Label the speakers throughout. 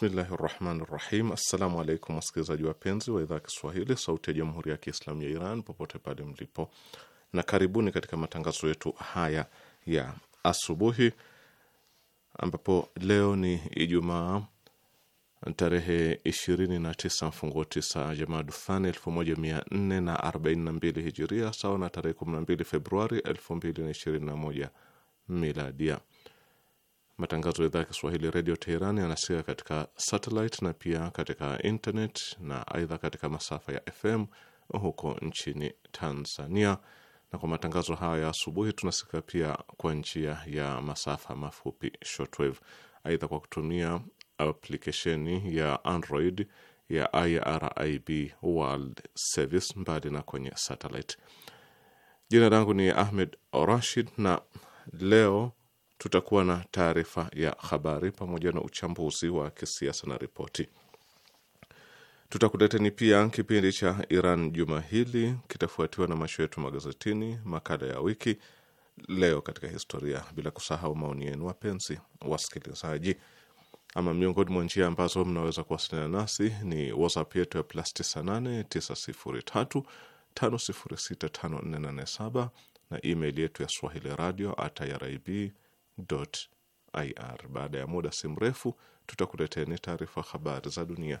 Speaker 1: Bismillahi rahmani rahim. Assalamu alaikum wasikilizaji wapenzi wa idhaa ya Kiswahili sauti ya jamhuri ya Kiislamu ya Iran popote pale mlipo, na karibuni katika matangazo yetu haya ya asubuhi, ambapo leo ni Ijumaa tarehe 29 mfungo 9 Jamadu Thani 1442 Hijiria, sawa na tarehe 12 Februari 2021 Miladia. Matangazo ya idhaa ya Kiswahili redio Teherani yanasikika katika satellite na pia katika internet na aidha katika masafa ya FM huko nchini Tanzania. Na kwa matangazo haya ya asubuhi tunasikika pia kwa njia ya masafa mafupi shortwave, aidha kwa kutumia aplikesheni ya Android ya IRIB World Service, mbali na kwenye satellite. Jina langu ni Ahmed Rashid na leo tutakuwa na taarifa ya habari pamoja na uchambuzi wa kisiasa na ripoti. Tutakuleteni pia kipindi cha Iran juma hili, kitafuatiwa na macho yetu magazetini, makala ya wiki leo, katika historia, bila kusahau maoni yenu, wapenzi wasikilizaji. Ama miongoni mwa njia ambazo mnaweza kuwasiliana nasi ni WhatsApp yetu ya plus 989035065487 na email yetu ya swahili radio at ir. Baada ya muda si mrefu, tutakuleteni taarifa habari za dunia.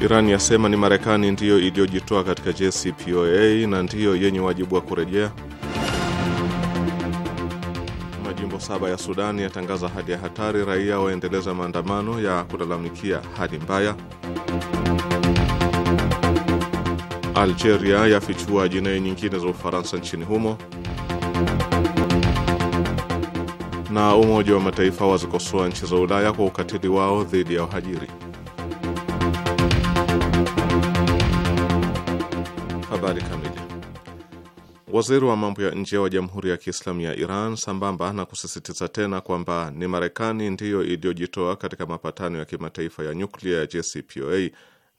Speaker 1: Iran yasema ni Marekani ndiyo iliyojitoa katika JCPOA na ndiyo yenye wajibu wa kurejea. Majimbo saba ya Sudani yatangaza hali ya hatari, raia waendeleza maandamano ya kulalamikia hali mbaya. Algeria yafichua jinai nyingine za Ufaransa nchini humo. Na Umoja wa Mataifa wazikosoa nchi za Ulaya kwa ukatili wao dhidi ya wahajiri. Habari kamili. Waziri wa mambo ya nje wa Jamhuri ya Kiislamu ya Iran, sambamba na kusisitiza tena kwamba ni Marekani ndiyo iliyojitoa katika mapatano ya kimataifa ya nyuklia ya JCPOA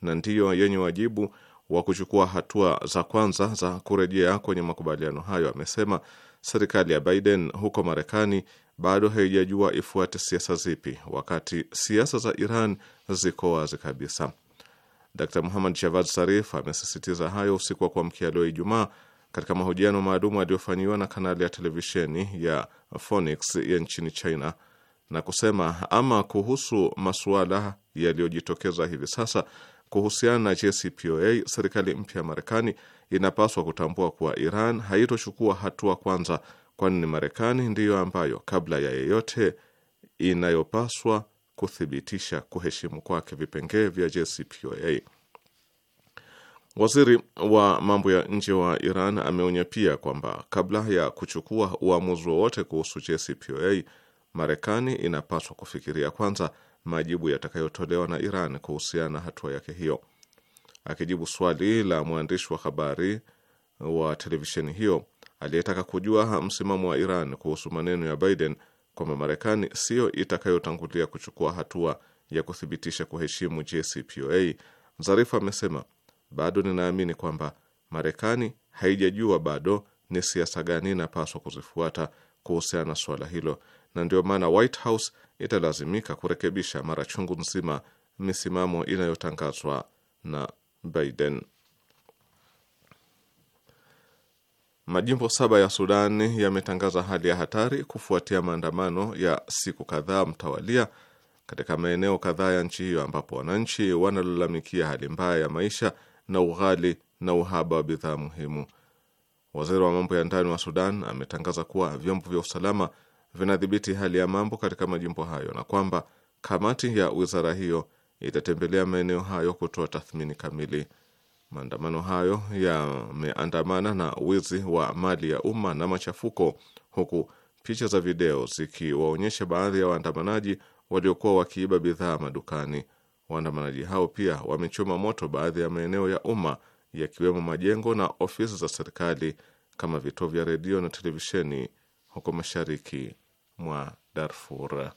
Speaker 1: na ndiyo yenye wajibu wa kuchukua hatua za kwanza za kurejea kwenye makubaliano hayo, amesema serikali ya Biden huko Marekani bado haijajua ifuate siasa zipi, wakati siasa za Iran ziko wazi kabisa. Dr Muhammad Javad Sarif amesisitiza hayo usiku wa kuamkia leo Ijumaa katika mahojiano maalumu aliyofanyiwa na kanali ya televisheni ya Phoenix ya nchini China na kusema ama kuhusu masuala yaliyojitokeza hivi sasa kuhusiana na JCPOA, serikali mpya ya Marekani inapaswa kutambua kuwa Iran haitochukua hatua kwanza, kwani ni Marekani ndiyo ambayo kabla ya yeyote inayopaswa kuthibitisha kuheshimu kwake vipengee vya JCPOA. Waziri wa mambo ya nje wa Iran ameonya pia kwamba kabla ya kuchukua uamuzi wowote kuhusu JCPOA, Marekani inapaswa kufikiria kwanza majibu yatakayotolewa na Iran kuhusiana na hatua yake hiyo. Akijibu swali la mwandishi wa habari wa televisheni hiyo aliyetaka kujua msimamo wa Iran kuhusu maneno ya Biden, kwamba Marekani siyo itakayotangulia kuchukua hatua ya kuthibitisha kuheshimu JCPOA, Zarifu amesema bado ninaamini kwamba Marekani haijajua bado ni siasa gani inapaswa kuzifuata kuhusiana na suala hilo, na ndio maana White House italazimika kurekebisha mara chungu nzima misimamo inayotangazwa na Biden. Majimbo saba ya Sudan yametangaza hali ya hatari kufuatia maandamano ya siku kadhaa mtawalia katika maeneo kadhaa ya nchi hiyo, ambapo wananchi wanalalamikia hali mbaya ya maisha na ughali na uhaba wa bidhaa muhimu. Waziri wa mambo ya ndani wa Sudan ametangaza kuwa vyombo vya usalama vinadhibiti hali ya mambo katika majimbo hayo na kwamba kamati ya wizara hiyo itatembelea maeneo hayo kutoa tathmini kamili. Maandamano hayo yameandamana na wizi wa mali ya umma na machafuko, huku picha za video zikiwaonyesha baadhi ya waandamanaji waliokuwa wakiiba bidhaa madukani. Waandamanaji hao pia wamechoma moto baadhi ya maeneo ya umma yakiwemo majengo na ofisi za serikali kama vituo vya redio na televisheni huko mashariki mwa Darfur.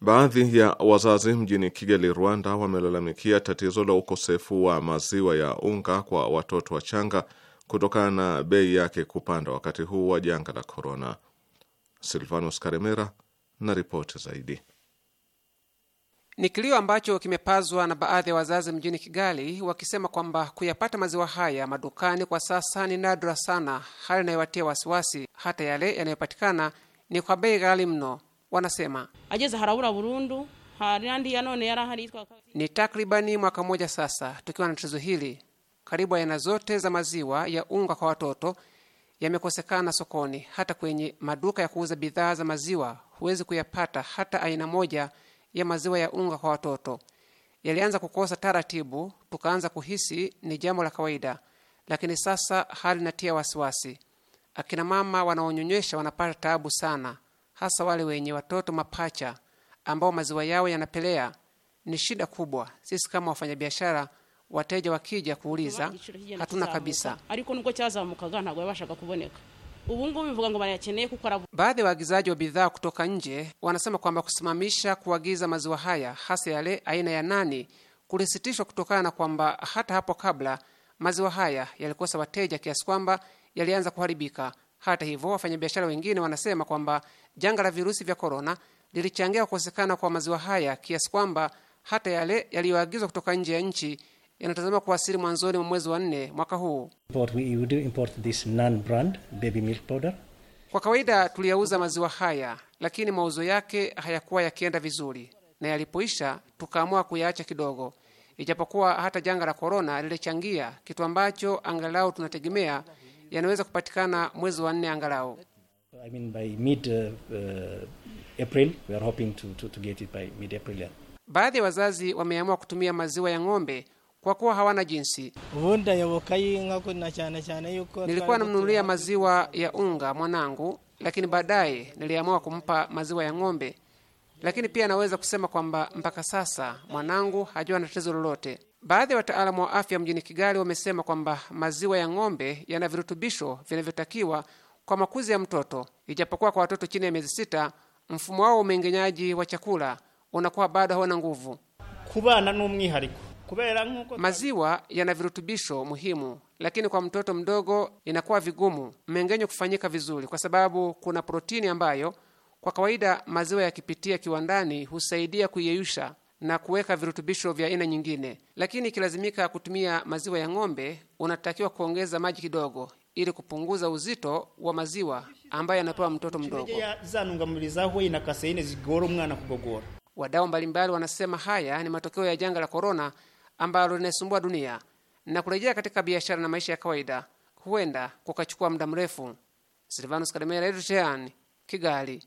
Speaker 1: Baadhi ya wazazi mjini Kigali, Rwanda, wamelalamikia tatizo la ukosefu wa maziwa ya unga kwa watoto wachanga kutokana na bei yake kupanda wakati huu wa janga la korona. Silvanus Karemera na ripoti zaidi.
Speaker 2: Ni kilio ambacho kimepazwa na baadhi ya wazazi mjini Kigali wakisema kwamba kuyapata maziwa haya madukani kwa sasa ni nadra sana, hali inayowatia wasiwasi. Hata yale yanayopatikana ni kwa bei ghali mno wanasema ajeza harabura burundu harandi ya
Speaker 3: none yaraharitwa.
Speaker 2: Ni takribani mwaka mmoja sasa tukiwa na tatizo hili. Karibu aina zote za maziwa ya unga kwa watoto yamekosekana sokoni. Hata kwenye maduka ya kuuza bidhaa za maziwa huwezi kuyapata hata aina moja ya maziwa ya unga kwa watoto. Yalianza kukosa taratibu, tukaanza kuhisi ni jambo la kawaida, lakini sasa hali inatia wasiwasi. Akina mama wanaonyonyesha wanapata taabu sana hasa wale wenye watoto mapacha ambao maziwa yao yanapelea ni shida kubwa. Sisi kama wafanyabiashara, wateja wakija kuuliza, hatuna kabisa. Baadhi ya waagizaji wa bidhaa kutoka nje wanasema kwamba kusimamisha kuagiza maziwa haya hasa yale aina ya nani kulisitishwa kutokana na kwamba hata hapo kabla maziwa haya yalikosa wateja kiasi kwamba yalianza kuharibika hata hivyo, wafanyabiashara wengine wanasema kwamba janga la virusi vya korona lilichangia kukosekana kwa maziwa haya kiasi kwamba hata yale yaliyoagizwa kutoka nje ya nchi yanatazama kuwasili mwanzoni mwa mwezi wa nne mwaka huu. Kwa kawaida tuliyauza maziwa haya, lakini mauzo yake hayakuwa yakienda vizuri, na yalipoisha tukaamua kuyaacha kidogo, ijapokuwa hata janga la korona lilichangia, kitu ambacho angalau tunategemea yanaweza kupatikana mwezi wa nne angalau.
Speaker 4: I mean by mid, uh, uh, April, we are hoping to, to, to get it by mid April, yeah.
Speaker 2: Baadhi ya wazazi wameamua kutumia maziwa ya ng'ombe kwa kuwa hawana jinsi.
Speaker 4: Nilikuwa namnunulia
Speaker 2: maziwa ya unga mwanangu, lakini baadaye niliamua kumpa maziwa ya ng'ombe. Lakini pia naweza kusema kwamba mpaka sasa mwanangu hajua na tatizo lolote. Baadhi ya wataalamu wa afya mjini Kigali wamesema kwamba maziwa ya ng'ombe yana virutubisho vinavyotakiwa kwa makuzi ya mtoto, ijapokuwa kwa watoto chini ya miezi sita mfumo wao wa umeng'enyaji wa chakula unakuwa bado hawana nguvu. kubana n'umwihariko Maziwa yana virutubisho muhimu, lakini kwa mtoto mdogo inakuwa vigumu mmeng'enyo kufanyika vizuri, kwa sababu kuna protini ambayo kwa kawaida maziwa yakipitia kiwandani husaidia kuiyeyusha na kuweka virutubisho vya aina nyingine, lakini ikilazimika kutumia maziwa ya ng'ombe, unatakiwa kuongeza maji kidogo ili kupunguza uzito wa maziwa ambayo yanapewa mtoto mdogo. Wadau mbalimbali wanasema haya ni matokeo ya janga la korona ambalo linaisumbua dunia na kurejea katika biashara na maisha ya kawaida huenda kukachukua muda mrefu. Silvanus Kalemera, Kigali.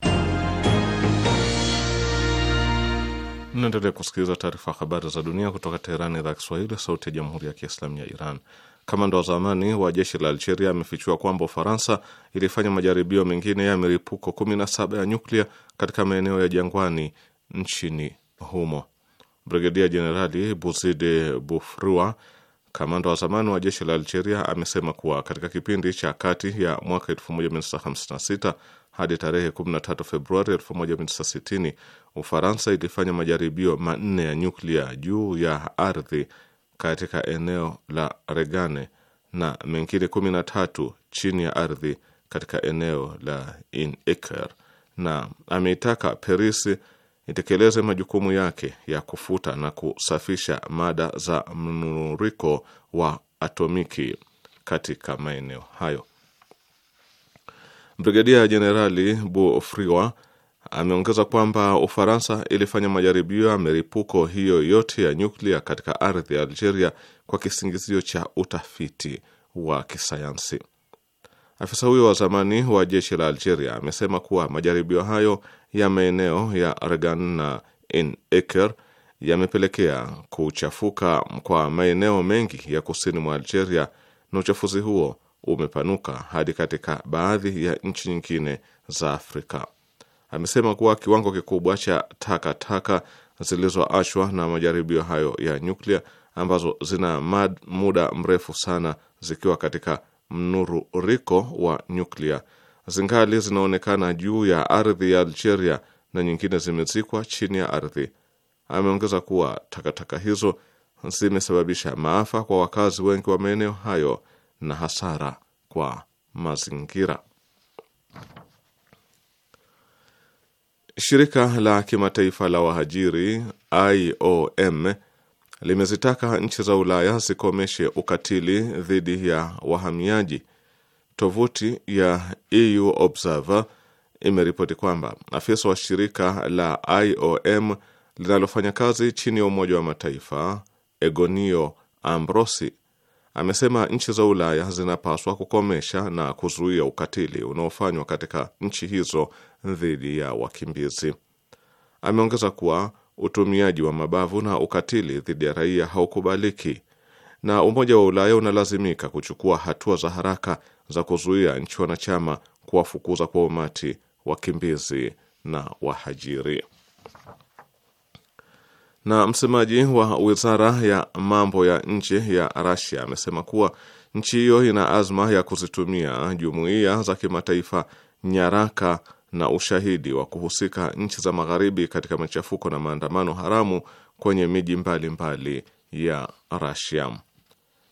Speaker 1: Mnaendelea kusikiliza taarifa habari za dunia kutoka teheran idhaa Kiswahili, sauti ya jamhuri ya kiislamu ya Iran. Kamanda wa zamani wa jeshi la Algeria amefichua kwamba Ufaransa ilifanya majaribio mengine ya milipuko 17 ya nyuklia katika maeneo ya jangwani nchini humo. Brigedia Jenerali Buzide Bufrua, kamanda wa zamani wa jeshi la Algeria, amesema kuwa katika kipindi cha kati ya mwaka 1956 hadi tarehe 13 Februari 1960 Ufaransa ilifanya majaribio manne ya nyuklia juu ya ardhi katika eneo la Regane na mengine 13 chini ya ardhi katika eneo la Inker, na ameitaka Paris itekeleze majukumu yake ya kufuta na kusafisha mada za mnuriko wa atomiki katika maeneo hayo. Brigedia Jenerali Bufriwa ameongeza kwamba Ufaransa ilifanya majaribio ya milipuko hiyo yote ya nyuklia katika ardhi ya Algeria kwa kisingizio cha utafiti wa kisayansi. Afisa huyo wa zamani wa jeshi la Algeria amesema kuwa majaribio hayo ya maeneo ya Regan na In Eker yamepelekea kuchafuka kwa maeneo mengi ya kusini mwa Algeria na uchafuzi huo umepanuka hadi katika baadhi ya nchi nyingine za Afrika. Amesema kuwa kiwango kikubwa cha takataka zilizoachwa na majaribio hayo ya nyuklia ambazo zina mad, muda mrefu sana zikiwa katika mnururiko wa nyuklia zingali zinaonekana juu ya ardhi ya Algeria na nyingine zimezikwa chini ya ardhi. Ameongeza kuwa takataka hizo zimesababisha maafa kwa wakazi wengi wa maeneo hayo na hasara kwa mazingira. Shirika la kimataifa la wahajiri IOM limezitaka nchi za Ulaya zikomeshe ukatili dhidi ya wahamiaji. Tovuti ya EU Observer imeripoti kwamba afisa wa shirika la IOM linalofanya kazi chini ya Umoja wa Mataifa Egonio Ambrosi amesema nchi za Ulaya zinapaswa kukomesha na kuzuia ukatili unaofanywa katika nchi hizo dhidi ya wakimbizi. Ameongeza kuwa utumiaji wa mabavu na ukatili dhidi ya raia haukubaliki na Umoja wa Ulaya unalazimika kuchukua hatua za haraka za kuzuia nchi wanachama kuwafukuza kwa umati wakimbizi na wahajiri. Na msemaji wa wizara ya mambo ya nje ya Rasia amesema kuwa nchi hiyo ina azma ya kuzitumia jumuiya za kimataifa, nyaraka na ushahidi wa kuhusika nchi za magharibi katika machafuko na maandamano haramu kwenye miji mbalimbali ya Rasia.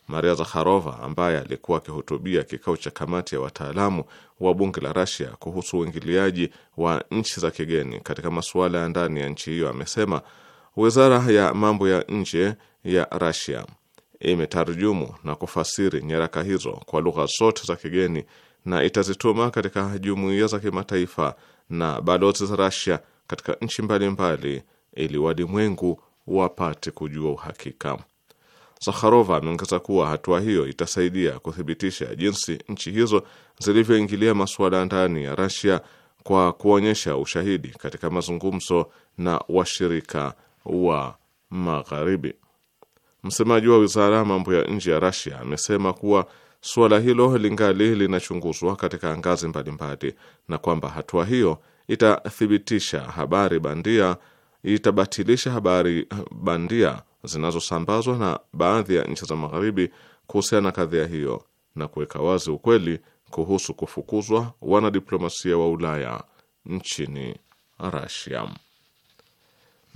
Speaker 1: Maria Zakharova ambaye alikuwa akihutubia kikao cha kamati ya wataalamu wa bunge la Rasia kuhusu uingiliaji wa nchi za kigeni katika masuala ya ndani ya nchi hiyo amesema Wizara ya mambo ya nje ya Rasia imetarjumu na kufasiri nyaraka hizo kwa lugha zote za kigeni na itazituma katika jumuiya za kimataifa na balozi za Rasia katika nchi mbalimbali ili walimwengu wapate kujua uhakika. Sakharova ameongeza kuwa hatua hiyo itasaidia kuthibitisha jinsi nchi hizo zilivyoingilia masuala ndani ya Rasia kwa kuonyesha ushahidi katika mazungumzo na washirika wa Magharibi. Msemaji wa wizara ya mambo ya nje ya Rasia amesema kuwa suala hilo lingali linachunguzwa katika ngazi mbalimbali na kwamba hatua hiyo itathibitisha habari bandia, itabatilisha habari bandia zinazosambazwa na baadhi ya nchi za Magharibi kuhusiana na kadhia hiyo na kuweka wazi ukweli kuhusu kufukuzwa wanadiplomasia wa Ulaya nchini Rasia.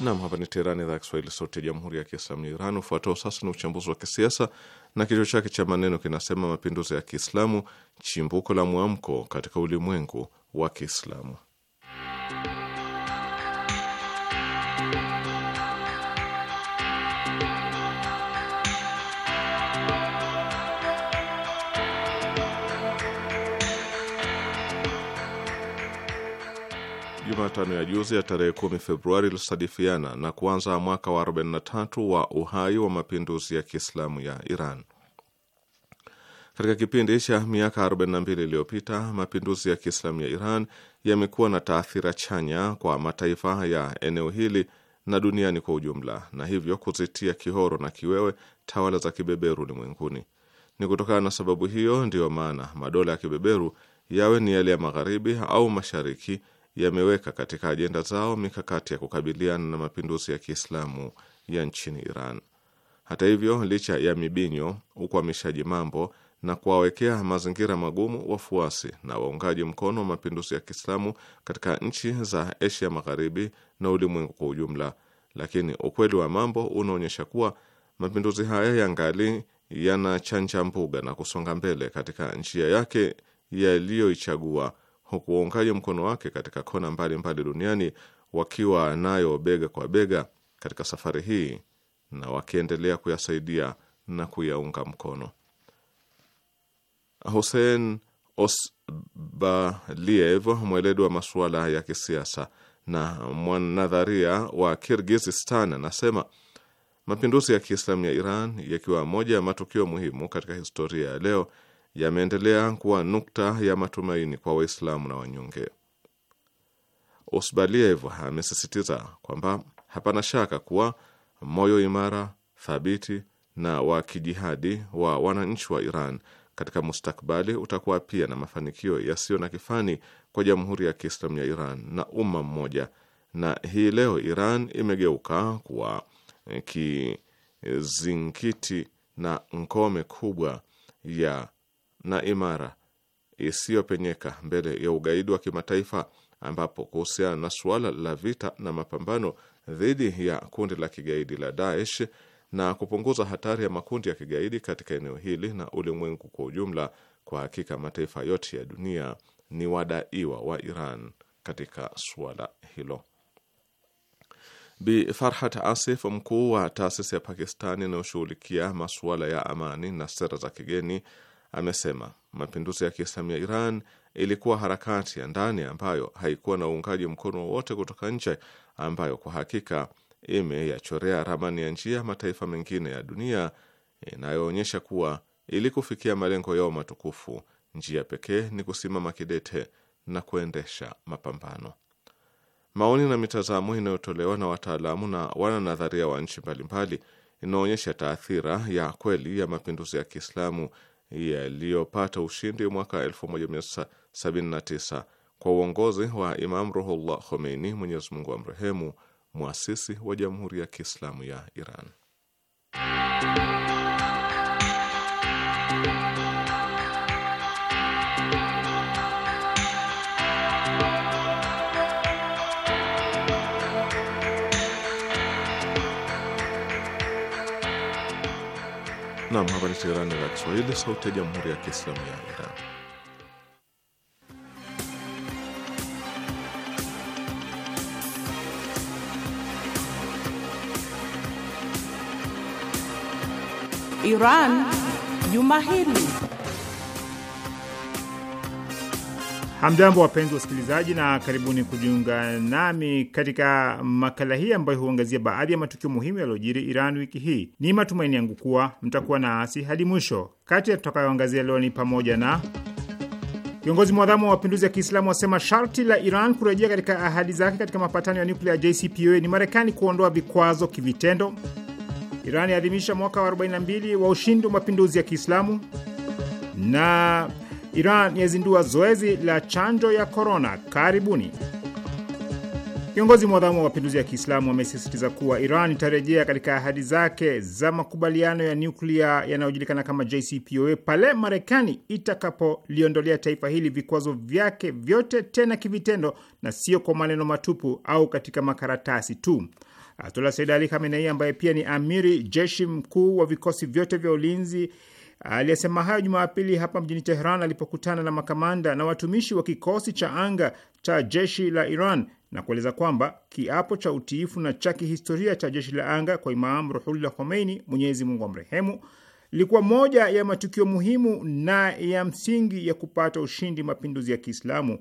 Speaker 1: Nam, hapa ni Teherani, idhaa ya Kiswahili, sauti ya jamhuri ya kiislamu ya Iran. Ufuatao sasa ni uchambuzi wa kisiasa na kichwa chake cha maneno kinasema: mapinduzi ya Kiislamu, chimbuko la mwamko katika ulimwengu wa Kiislamu. Jumatano ya juzi ya tarehe 10 Februari ilisadifiana na kuanza mwaka wa 43 wa uhai wa mapinduzi ya Kiislamu ya Iran. Katika kipindi cha miaka 42 iliyopita, mapinduzi ya Kiislamu ya Iran yamekuwa na taathira chanya kwa mataifa ya eneo hili na duniani kwa ujumla, na hivyo kuzitia kihoro na kiwewe tawala za kibeberu ulimwenguni. Ni kutokana na sababu hiyo ndiyo maana madola ya kibeberu yawe ni yale ya magharibi au mashariki yameweka katika ajenda zao mikakati ya kukabiliana na mapinduzi ya Kiislamu ya nchini Iran. Hata hivyo, licha ya mibinyo, ukwamishaji mambo na kuwawekea mazingira magumu wafuasi na waungaji mkono wa mapinduzi ya Kiislamu katika nchi za Asia Magharibi na ulimwengu kwa ujumla, lakini ukweli wa mambo unaonyesha kuwa mapinduzi haya yangali yanachanja mbuga na kusonga mbele katika njia yake yaliyoichagua huku waungaji mkono wake katika kona mbalimbali mbali duniani wakiwa nayo bega kwa bega katika safari hii na wakiendelea kuyasaidia na kuyaunga mkono. Hussein Osbaliev, mweledi wa masuala ya kisiasa na mwanadharia wa Kirgizistan, anasema mapinduzi ya Kiislamu ya Iran yakiwa moja ya matukio muhimu katika historia ya leo yameendelea kuwa nukta ya matumaini kwa Waislamu na wanyonge. Usbaliev amesisitiza kwamba hapana shaka kuwa moyo imara, thabiti na wa kijihadi wa wananchi wa Iran katika mustakbali utakuwa pia na mafanikio yasiyo na kifani kwa Jamhuri ya Kiislamu ya Iran na umma mmoja. Na hii leo Iran imegeuka kuwa kizingiti na ngome kubwa ya na imara isiyopenyeka mbele ya ugaidi wa kimataifa, ambapo kuhusiana na suala la vita na mapambano dhidi ya kundi la kigaidi la Daesh na kupunguza hatari ya makundi ya kigaidi katika eneo hili na ulimwengu kwa ujumla. Kwa hakika mataifa yote ya dunia ni wadaiwa wa Iran katika suala hilo. Bi Farhat Asif, mkuu wa taasisi ya Pakistani inayoshughulikia masuala ya amani na sera za kigeni amesema mapinduzi ya Kiislamu ya Iran ilikuwa harakati ya ndani ambayo haikuwa na uungaji mkono wowote kutoka nje, ambayo kwa hakika imeyachorea ramani ya njia mataifa mengine ya dunia inayoonyesha kuwa ili kufikia malengo yao matukufu, njia pekee ni kusimama kidete na kuendesha mapambano. Maoni na mitazamo inayotolewa na wataalamu na wananadharia wa nchi mbalimbali inaonyesha taathira ya kweli ya mapinduzi ya Kiislamu yaliyopata ushindi mwaka 1979 kwa uongozi wa Imam Ruhullah Khomeini, Mwenyezi Mungu amrehemu, mwasisi wa Jamhuri ya Kiislamu ya Iran. Nam, hapa ni Teherani, idhaa ya Kiswahili, sauti ya jamhuri ya kiislamu ya
Speaker 3: Iran. Iran Juma Hili.
Speaker 5: Hamjambo, wapenzi wasikilizaji, na karibuni kujiunga nami katika makala hii ambayo huangazia baadhi ya matukio muhimu yaliyojiri Iran wiki hii. Ni matumaini yangu kuwa mtakuwa nasi hadi mwisho. Kati ya tutakayoangazia leo ni pamoja na Kiongozi mwadhamu wa mapinduzi ya Kiislamu wasema sharti la Iran kurejea katika ahadi zake katika mapatano ya nyuklia ya JCPOA ni Marekani kuondoa vikwazo kivitendo. Iran yaadhimisha mwaka wa 42 wa ushindi wa mapinduzi ya Kiislamu na Iran yazindua zoezi la chanjo ya korona. Karibuni. Kiongozi mwadhamu wa mapinduzi ya Kiislamu amesisitiza kuwa Iran itarejea katika ahadi zake za makubaliano ya nyuklia yanayojulikana kama JCPOA pale Marekani itakapoliondolea taifa hili vikwazo vyake vyote, tena kivitendo na sio kwa maneno matupu au katika makaratasi tu. Ayatullah Said Ali Khamenei ambaye pia ni amiri jeshi mkuu wa vikosi vyote vya ulinzi Aliyesema hayo Jumapili hapa mjini Teheran alipokutana na makamanda na watumishi wa kikosi cha anga cha jeshi la Iran na kueleza kwamba kiapo cha utiifu na cha kihistoria cha jeshi la anga kwa Imam Ruhullah Khomeini, Mwenyezi Mungu amrehemu, ilikuwa moja ya matukio muhimu na ya msingi ya kupata ushindi mapinduzi ya Kiislamu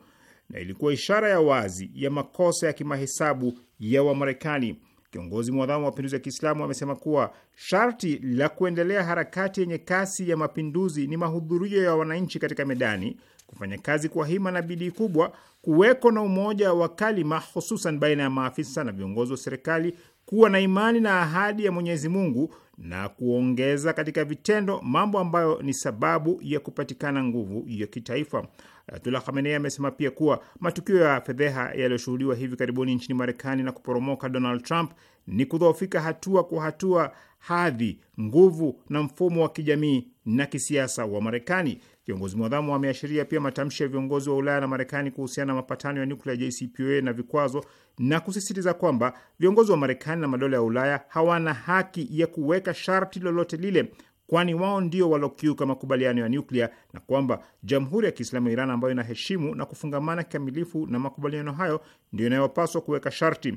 Speaker 5: na ilikuwa ishara ya wazi ya makosa ya kimahesabu ya Wamarekani. Kiongozi mwadhamu wa mapinduzi ya Kiislamu amesema kuwa sharti la kuendelea harakati yenye kasi ya mapinduzi ni mahudhurio ya wananchi katika medani, kufanya kazi kwa hima na bidii kubwa, kuweko na umoja wa kalima, hususan baina ya maafisa na viongozi wa serikali, kuwa na imani na ahadi ya Mwenyezi Mungu na kuongeza katika vitendo mambo ambayo ni sababu ya kupatikana nguvu ya kitaifa. Ayatullah Khamenei amesema pia kuwa matukio ya fedheha yaliyoshuhudiwa hivi karibuni nchini Marekani na kuporomoka Donald Trump ni kudhoofika hatua kwa hatua hadhi, nguvu na mfumo wa kijamii na kisiasa wa Marekani. Kiongozi mwadhamu ameashiria pia matamshi ya viongozi wa Ulaya na Marekani kuhusiana na mapatano ya nuklia JCPOA na vikwazo, na kusisitiza kwamba viongozi wa Marekani na madola ya Ulaya hawana haki ya kuweka sharti lolote lile kwani wao ndio walokiuka makubaliano ya nyuklia na kwamba Jamhuri ya Kiislamu ya Iran ambayo inaheshimu na kufungamana kikamilifu na makubaliano hayo ndio inayopaswa kuweka sharti.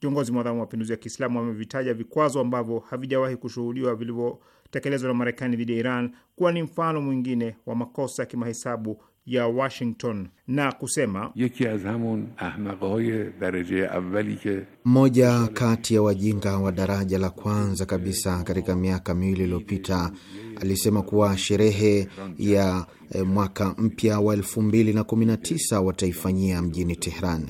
Speaker 5: Kiongozi mwadhamu wa mapinduzi ya Kiislamu amevitaja vikwazo ambavyo havijawahi kushuhudiwa vilivyotekelezwa na Marekani dhidi ya Iran kuwa ni mfano mwingine wa makosa ya kimahesabu ya Washington na kusema
Speaker 6: mmoja kati ya wajinga wa daraja la kwanza kabisa katika miaka miwili iliyopita alisema kuwa sherehe ya eh, mwaka mpya wa tisa wataifanyia mjini Tehran.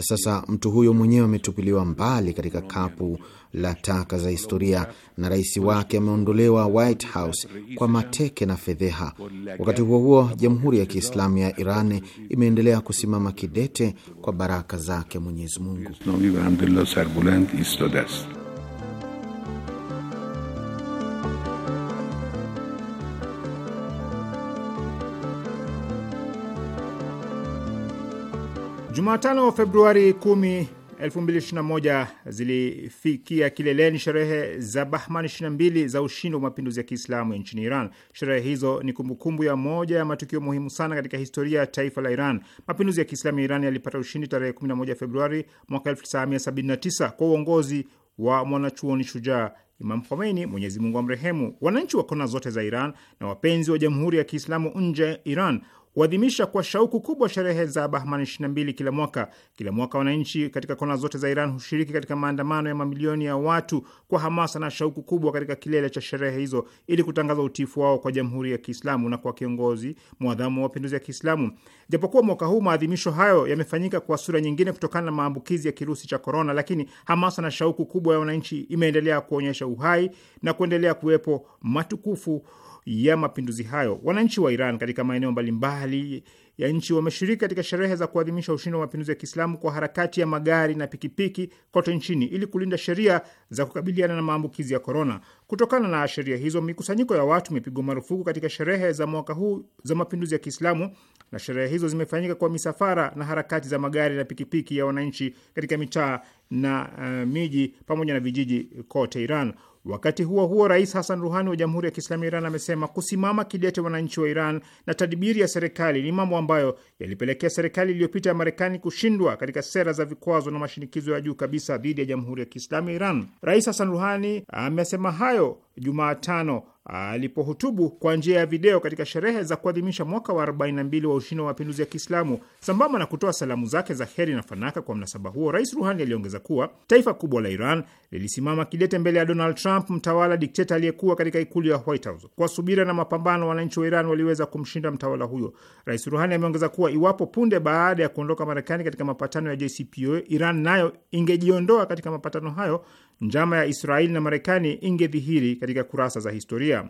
Speaker 6: Sasa mtu huyo mwenyewe ametupiliwa mbali katika kapu la taka za historia na rais wake ameondolewa White House kwa mateke na fedheha. Wakati huo huo, Jamhuri ya Kiislamu ya Iran imeendelea kusimama kidete kwa baraka zake Mwenyezi Mungu.
Speaker 5: Jumatano Februari 2021 zilifikia kileleni sherehe za Bahman 22 za ushindi wa mapinduzi ya Kiislamu nchini Iran. Sherehe hizo ni kumbukumbu ya moja ya matukio muhimu sana katika historia ya taifa la Iran. Mapinduzi ya Kiislamu ya Iran yalipata ushindi tarehe 11 Februari mwaka 1979 kwa uongozi wa mwanachuoni shujaa Imam Khomeini, Mwenyezi Mungu amrehemu. Wananchi wa kona zote za Iran na wapenzi wa Jamhuri ya Kiislamu nje Iran huadhimisha kwa shauku kubwa sherehe za Bahman 22 kila mwaka. Kila mwaka wananchi katika kona zote za Iran hushiriki katika maandamano ya mamilioni ya watu kwa hamasa na shauku kubwa katika kilele cha sherehe hizo, ili kutangaza utiifu wao kwa Jamhuri ya Kiislamu na kwa kiongozi mwadhamu wa mapinduzi ya Kiislamu. Japokuwa mwaka huu maadhimisho hayo yamefanyika kwa sura nyingine kutokana na maambukizi ya kirusi cha korona, lakini hamasa na shauku kubwa ya wananchi imeendelea kuonyesha uhai na kuendelea kuwepo matukufu ya mapinduzi hayo. Wananchi wa Iran katika maeneo mbalimbali ya nchi wameshiriki katika sherehe za kuadhimisha ushindi wa mapinduzi ya Kiislamu kwa harakati ya magari na pikipiki kote nchini ili kulinda sheria za kukabiliana na maambukizi ya korona. Kutokana na sheria hizo, mikusanyiko ya watu imepigwa marufuku katika sherehe za mwaka huu za mapinduzi ya Kiislamu, na sherehe hizo zimefanyika kwa misafara na harakati za magari na pikipiki ya wananchi katika mitaa na uh, miji pamoja na vijiji kote Iran. Wakati huo huo, Rais Hasan Ruhani wa Jamhuri ya Kiislamu ya Iran amesema kusimama kidete wananchi wa Iran na tadbiri ya serikali ni mambo ambayo yalipelekea serikali iliyopita ya Marekani kushindwa katika sera za vikwazo na mashinikizo ya juu kabisa dhidi ya Jamhuri ya Kiislamu ya Iran. Rais Hasan Ruhani amesema hayo Jumatano alipohutubu kwa njia ya video katika sherehe za kuadhimisha mwaka wa 42 wa ushindi wa mapinduzi ya Kiislamu. Sambamba na kutoa salamu zake za heri na fanaka kwa mnasaba huo, Rais Ruhani aliongeza kuwa taifa kubwa la Iran lilisimama kidete mbele ya Donald Trump, mtawala dikteta aliyekuwa katika ikulu ya White House. Kwa subira na mapambano, wananchi wa Iran waliweza kumshinda mtawala huyo. Rais Ruhani ameongeza kuwa iwapo punde baada ya kuondoka Marekani katika mapatano ya JCPOA, Iran nayo ingejiondoa katika mapatano hayo njama ya Israeli na Marekani ingedhihiri katika kurasa za historia.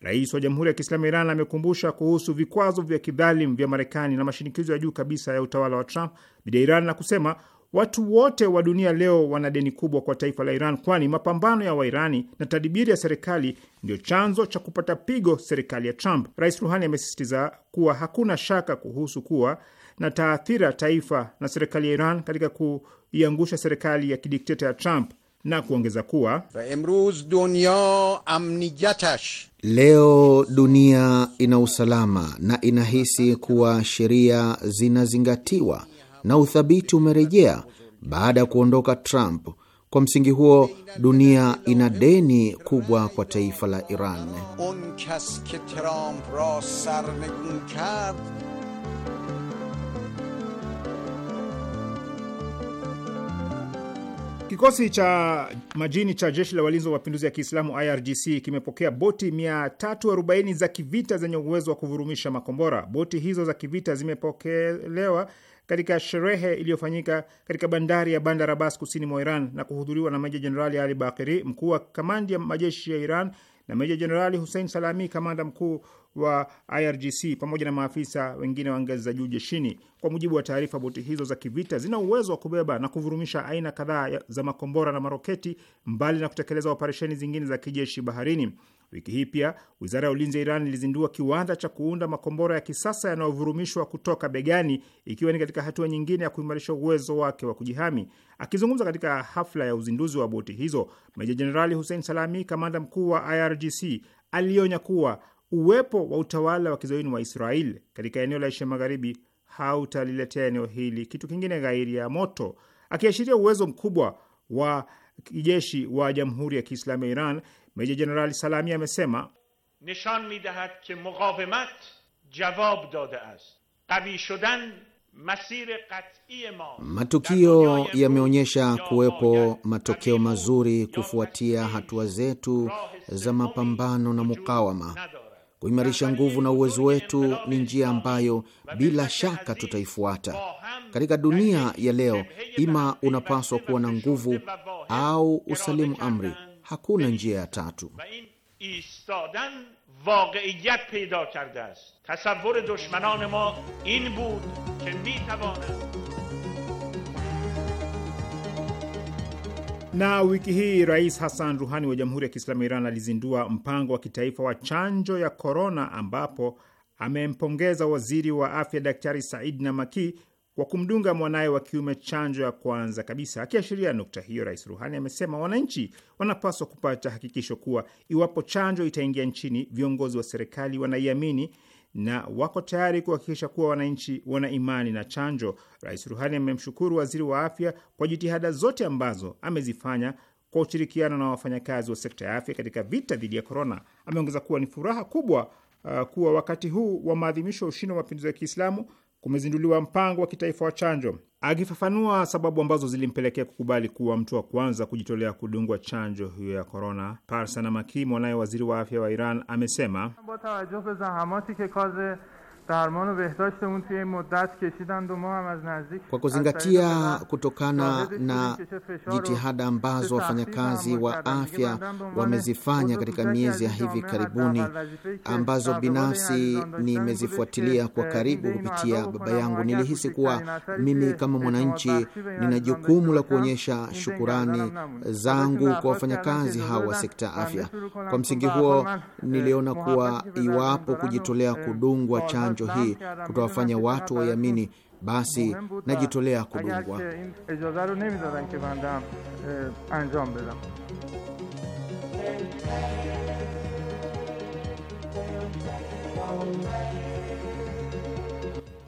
Speaker 5: Rais wa Jamhuri ya Kiislamu ya Iran amekumbusha kuhusu vikwazo vya kidhalimu vya Marekani na mashinikizo ya juu kabisa ya utawala wa Trump dhidi ya Iran na kusema watu wote wa dunia leo wana deni kubwa kwa taifa la Iran, kwani mapambano ya Wairani na tadibiri ya serikali ndiyo chanzo cha kupata pigo serikali ya Trump. Rais Ruhani amesisitiza kuwa hakuna shaka kuhusu kuwa na taathira taifa na serikali ya Iran katika kuiangusha serikali ya kidikteta ya Trump na kuongeza
Speaker 6: kuwa leo dunia ina usalama na inahisi kuwa sheria zinazingatiwa na uthabiti umerejea baada ya kuondoka Trump. Kwa msingi huo, dunia ina deni kubwa kwa taifa la Iran.
Speaker 5: Kikosi cha majini cha jeshi la walinzi wa mapinduzi ya Kiislamu IRGC kimepokea boti 340 za kivita zenye uwezo wa kuvurumisha makombora. Boti hizo za kivita zimepokelewa katika sherehe iliyofanyika katika bandari ya Bandar Abbas kusini mwa Iran na kuhudhuriwa na Meja Jenerali Ali Bakiri, mkuu wa kamandi ya majeshi ya Iran na Meja Jenerali Hussein Salami, kamanda mkuu wa IRGC pamoja na maafisa wengine wa ngazi za juu jeshini. Kwa mujibu wa taarifa, boti hizo za kivita zina uwezo wa kubeba na kuvurumisha aina kadhaa za makombora na maroketi, mbali na kutekeleza operesheni zingine za kijeshi baharini. Wiki hii pia wizara ya ulinzi ya Iran ilizindua kiwanda cha kuunda makombora ya kisasa yanayovurumishwa kutoka begani, ikiwa ni katika hatua nyingine ya kuimarisha uwezo wake wa kujihami. Akizungumza katika hafla ya uzinduzi wa boti hizo, Meja Jenerali Hussein Salami, kamanda mkuu wa IRGC, alionya kuwa Uwepo wa utawala wa kizayuni wa Israel katika eneo la Asia Magharibi hautaliletea eneo hili kitu kingine ghairi ya moto, akiashiria uwezo mkubwa wa kijeshi wa Jamhuri ya Kiislamu ya Iran. Meja Jenerali Salami amesema nishan midahad ke muqavemat jawab dade ast qawi shudan
Speaker 6: Matukio yameonyesha kuwepo matokeo mazuri kufuatia hatua zetu za mapambano na mukawama. Kuimarisha nguvu na uwezo wetu ni njia ambayo bila shaka tutaifuata katika dunia ya leo. Ima unapaswa kuwa na nguvu au usalimu amri, hakuna njia ya tatu.
Speaker 5: Na wiki hii Rais Hassan Ruhani wa Jamhuri ya Kiislamu Iran alizindua mpango wa kitaifa wa chanjo ya korona, ambapo amempongeza waziri wa afya Daktari Said Namaki kwa kumdunga mwanaye wa kiume chanjo ya kwanza kabisa. Akiashiria nukta hiyo, Rais Ruhani amesema wananchi wanapaswa kupata hakikisho kuwa iwapo chanjo itaingia nchini, viongozi wa serikali wanaiamini na wako tayari kuhakikisha kuwa wananchi wana imani na chanjo. Rais Ruhani amemshukuru waziri wa afya kwa jitihada zote ambazo amezifanya kwa ushirikiano na wafanyakazi wa sekta ya afya katika vita dhidi ya korona. Ameongeza kuwa ni furaha kubwa uh, kuwa wakati huu wa maadhimisho ya ushindi wa mapinduzi ya Kiislamu kumezinduliwa mpango wa kitaifa wa chanjo. Akifafanua sababu ambazo zilimpelekea kukubali kuwa mtu wa kwanza kujitolea kudungwa chanjo hiyo ya korona, Parsa Namaki, mwanaye waziri wa afya wa Iran, amesema
Speaker 6: kwa kuzingatia kutokana na jitihada ambazo wafanyakazi wa afya wamezifanya katika miezi ya hivi karibuni, ambazo binafsi nimezifuatilia kwa karibu kupitia baba yangu, nilihisi kuwa mimi kama mwananchi nina jukumu la kuonyesha shukurani zangu kwa wafanyakazi hawa wa sekta afya. Kwa msingi huo, niliona kuwa iwapo kujitolea kudungwa chanjo chanjo hii kutawafanya watu waiamini, basi najitolea kudungwa.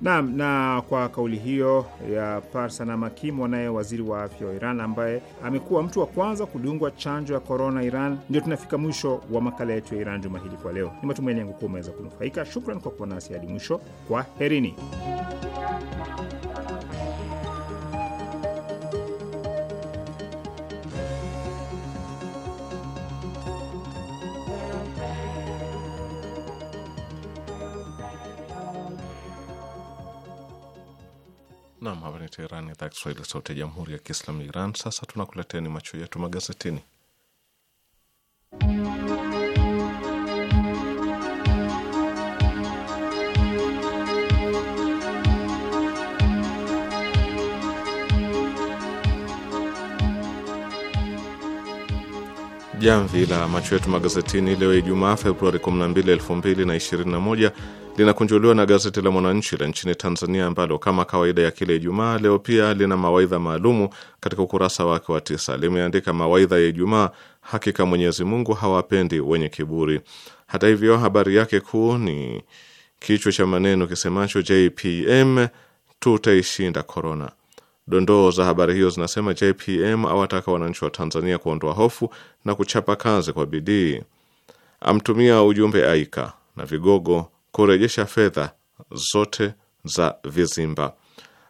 Speaker 5: Naam, na kwa kauli hiyo ya na Akim, anaye waziri wa afya wa Iran ambaye amekuwa mtu wa kwanza kudungwa chanjo ya korona Iran, ndio tunafika mwisho wa makala yetu ya Iran juma hili kwa leo. Ni matumaini yangu kuwa umeweza kunufaika. Shukran kwa kuwa nasi hadi mwisho. kwa herini
Speaker 1: Nam, hapa ni Teherani, idhaa Kiswahili, sauti ya jamhuri ya kiislamu ya Iran. Sasa tunakuletea ni macho yetu magazetini. jamvi la macho yetu magazetini leo Ijumaa Februari 12, 2021 linakunjuliwa na gazeti la Mwananchi la nchini Tanzania ambalo kama kawaida ya kila Ijumaa leo pia lina mawaidha maalumu katika ukurasa wake wa tisa. Limeandika mawaidha ya Ijumaa, hakika Mwenyezi Mungu hawapendi wenye kiburi. Hata hivyo, habari yake kuu ni kichwa cha maneno kisemacho JPM tutaishinda korona. Dondoo za habari hiyo zinasema JPM awataka wananchi wa Tanzania kuondoa hofu na kuchapa kazi kwa bidii, amtumia ujumbe aika na vigogo kurejesha fedha zote za vizimba.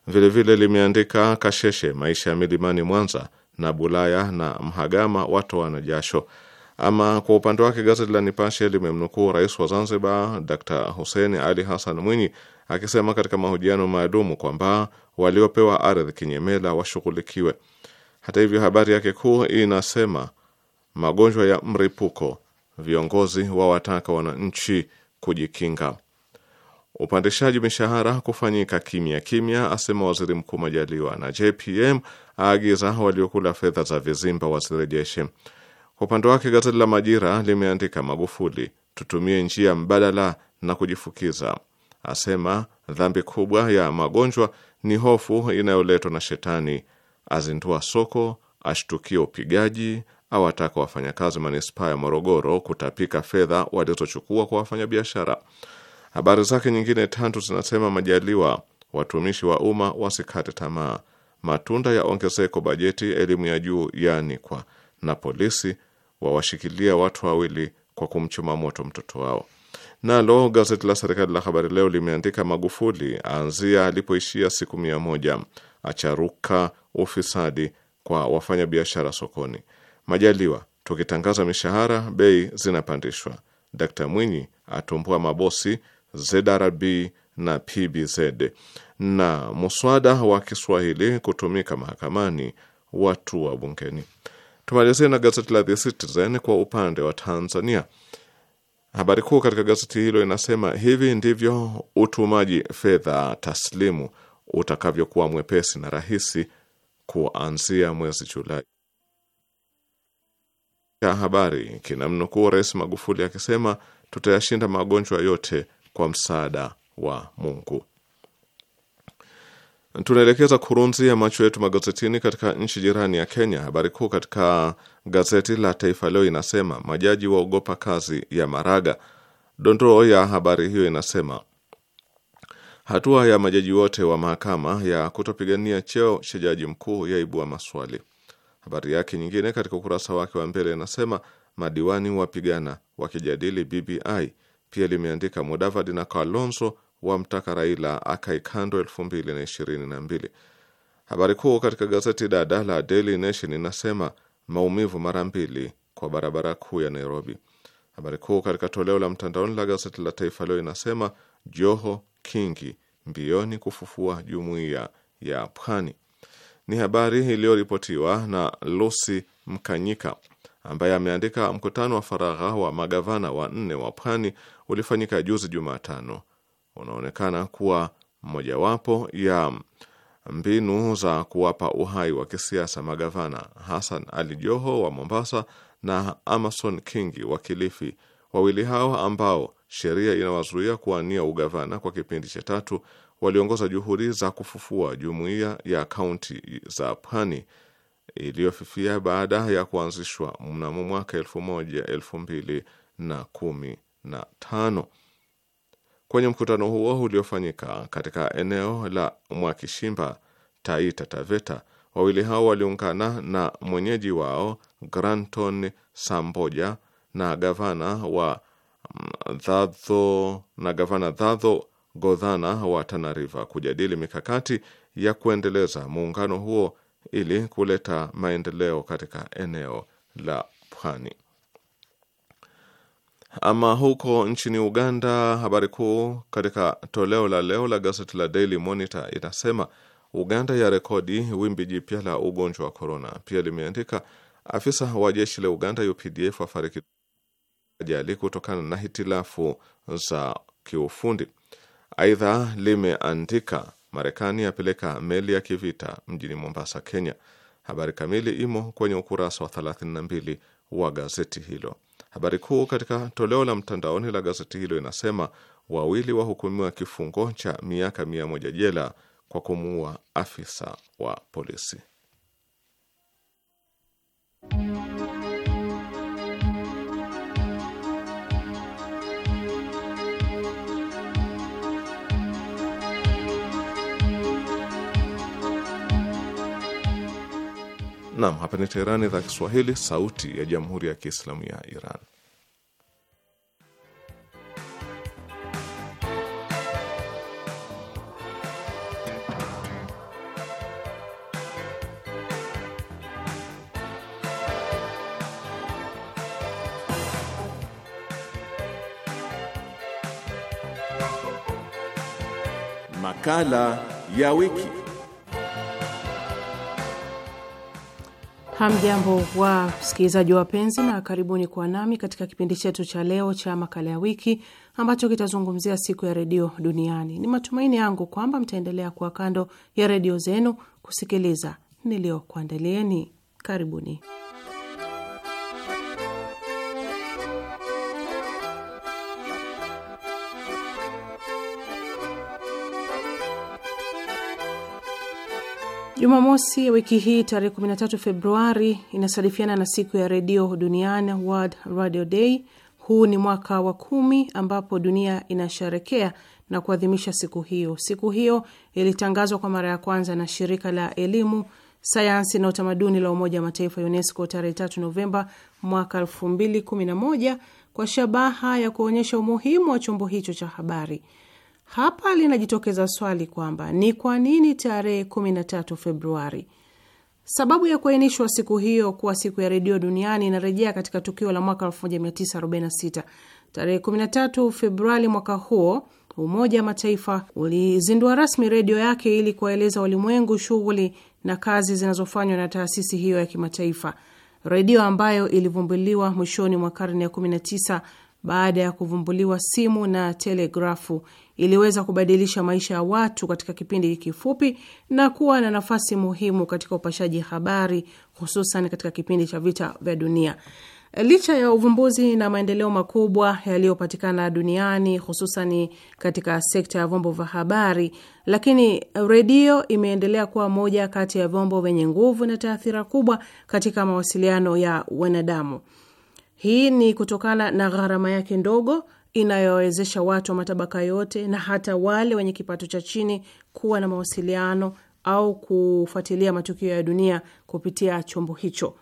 Speaker 1: Vilevile limeandika Kasheshe maisha ya milimani Mwanza na Bulaya na Mhagama na jasho. Ama kwa upande wake gazeti la Nipashe limemnukuu rais wa Zanzibar Dr Hussein Ali Hassan Mwinyi akisema katika mahojiano maalumu kwamba waliopewa ardhi kinyemela washughulikiwe. Hata hivyo, habari yake kuu inasema magonjwa ya mripuko, viongozi wawataka wananchi kujikinga. Upandishaji mishahara kufanyika kimya kimya, asema waziri mkuu Majaliwa, na JPM aagiza waliokula fedha za vizimba wazirejeshe. Kwa upande wake gazeti la Majira limeandika Magufuli, tutumie njia mbadala na kujifukiza asema dhambi kubwa ya magonjwa ni hofu inayoletwa na shetani, azindua soko, ashtukia upigaji, awataka wafanyakazi manispaa ya Morogoro kutapika fedha walizochukua kwa wafanyabiashara. Habari zake nyingine tatu zinasema Majaliwa, watumishi wa umma wasikate tamaa, matunda ya ongezeko bajeti elimu ya juu yanikwa, na polisi wawashikilia watu wawili kwa kumchoma moto mtoto wao. Nalo gazeti la serikali la Habari Leo limeandika Magufuli aanzia alipoishia siku mia moja, acharuka ufisadi kwa wafanyabiashara sokoni. Majaliwa, tukitangaza mishahara bei zinapandishwa. Dkt Mwinyi atumbua mabosi ZRB na PBZ na muswada wa Kiswahili kutumika mahakamani watu wa bungeni. Tumalizie na gazeti la The Citizen kwa upande wa Tanzania Habari kuu katika gazeti hilo inasema hivi ndivyo utumaji fedha taslimu utakavyokuwa mwepesi na rahisi kuanzia mwezi Julai. Ya habari kinamnukuu Rais Magufuli akisema tutayashinda magonjwa yote kwa msaada wa Mungu. Tunaelekeza kurunzi ya macho yetu magazetini katika nchi jirani ya Kenya. Habari kuu katika gazeti la Taifa Leo inasema majaji waogopa kazi ya Maraga. Dondoo ya habari hiyo inasema hatua ya majaji wote wa mahakama ya kutopigania cheo cha jaji mkuu yaibua maswali. Habari yake nyingine katika ukurasa wake wa mbele inasema madiwani wapigana wakijadili BBI. Pia limeandika Mudavadi na Kalonzo wamtaka Raila akae kando elfu mbili na ishirini na mbili. Habari kuu katika gazeti dada la Daily Nation inasema maumivu mara mbili kwa barabara kuu ya Nairobi. Habari kuu katika toleo la mtandaoni la gazeti la Taifa Leo inasema Joho Kingi mbioni kufufua jumuiya ya Pwani. Ni habari iliyoripotiwa na Lucy Mkanyika ambaye ameandika mkutano wa faragha wa magavana wanne wa Pwani ulifanyika juzi Jumatano unaonekana kuwa mojawapo ya mbinu za kuwapa uhai wa kisiasa magavana Hassan Ali Joho wa Mombasa na Amason Kingi wa Kilifi. Wawili hao ambao sheria inawazuia kuwania ugavana kwa kipindi cha tatu, waliongoza juhudi za kufufua jumuiya ya kaunti za pwani iliyofifia baada ya kuanzishwa mnamo mwaka elfu moja elfu mbili na kumi na tano. Kwenye mkutano huo uliofanyika katika eneo la Mwakishimba, Taita Taveta, wawili hao waliungana na mwenyeji wao Granton Samboja na gavana wa Dhadho mm, na gavana Dhadho Godhana wa Tana River kujadili mikakati ya kuendeleza muungano huo ili kuleta maendeleo katika eneo la pwani. Ama huko nchini Uganda, habari kuu katika toleo la leo la gazeti la Daily Monitor inasema Uganda ya rekodi wimbi jipya la ugonjwa wa korona. Pia limeandika afisa wa jeshi la Uganda UPDF afariki ajali kutokana na hitilafu za kiufundi. Aidha limeandika Marekani yapeleka meli ya kivita mjini Mombasa, Kenya. Habari kamili imo kwenye ukurasa wa 32 wa gazeti hilo. Habari kuu katika toleo la mtandaoni la gazeti hilo inasema wawili wahukumiwa kifungo cha miaka mia moja jela kwa kumuua afisa wa polisi. Naam, hapa ni Teherani, idhaa Kiswahili, sauti ya jamhuri ya kiislamu ya Iran. Makala ya wiki.
Speaker 3: Hamjambo wa msikilizaji wapenzi, na karibuni kuwa nami katika kipindi chetu cha leo cha makala ya wiki ambacho kitazungumzia siku ya redio duniani. Ni matumaini yangu kwamba mtaendelea kuwa kando ya redio zenu kusikiliza niliyokuandalieni. Karibuni. Jumamosi wiki hii tarehe 13 Februari inasadifiana na siku ya redio duniani, World Radio Day. Huu ni mwaka wa kumi ambapo dunia inasherekea na kuadhimisha siku hiyo. Siku hiyo ilitangazwa kwa mara ya kwanza na shirika la elimu, sayansi na utamaduni la Umoja wa Mataifa UNESCO tarehe 3 Novemba mwaka 2011 kwa shabaha ya kuonyesha umuhimu wa chombo hicho cha habari. Hapa linajitokeza swali kwamba ni kwa nini tarehe 13 Februari? Sababu ya kuainishwa siku hiyo kuwa siku ya redio duniani inarejea katika tukio la mwaka 1946. Tarehe 13 Februari mwaka huo Umoja wa Mataifa ulizindua rasmi redio yake ili kuwaeleza walimwengu shughuli na kazi zinazofanywa na taasisi hiyo ya kimataifa, redio ambayo ilivumbuliwa mwishoni mwa karne ya 19 baada ya kuvumbuliwa simu na telegrafu iliweza kubadilisha maisha ya watu katika kipindi kifupi na kuwa na nafasi muhimu katika upashaji habari, hususan katika kipindi cha vita vya dunia. Licha ya uvumbuzi na maendeleo makubwa yaliyopatikana duniani hususan katika sekta ya vyombo vya habari, lakini redio imeendelea kuwa moja kati ya vyombo vyenye nguvu na taathira kubwa katika mawasiliano ya wanadamu. Hii ni kutokana na gharama yake ndogo inayowawezesha watu wa matabaka yote na hata wale wenye kipato cha chini kuwa na mawasiliano au kufuatilia matukio ya dunia kupitia chombo hicho.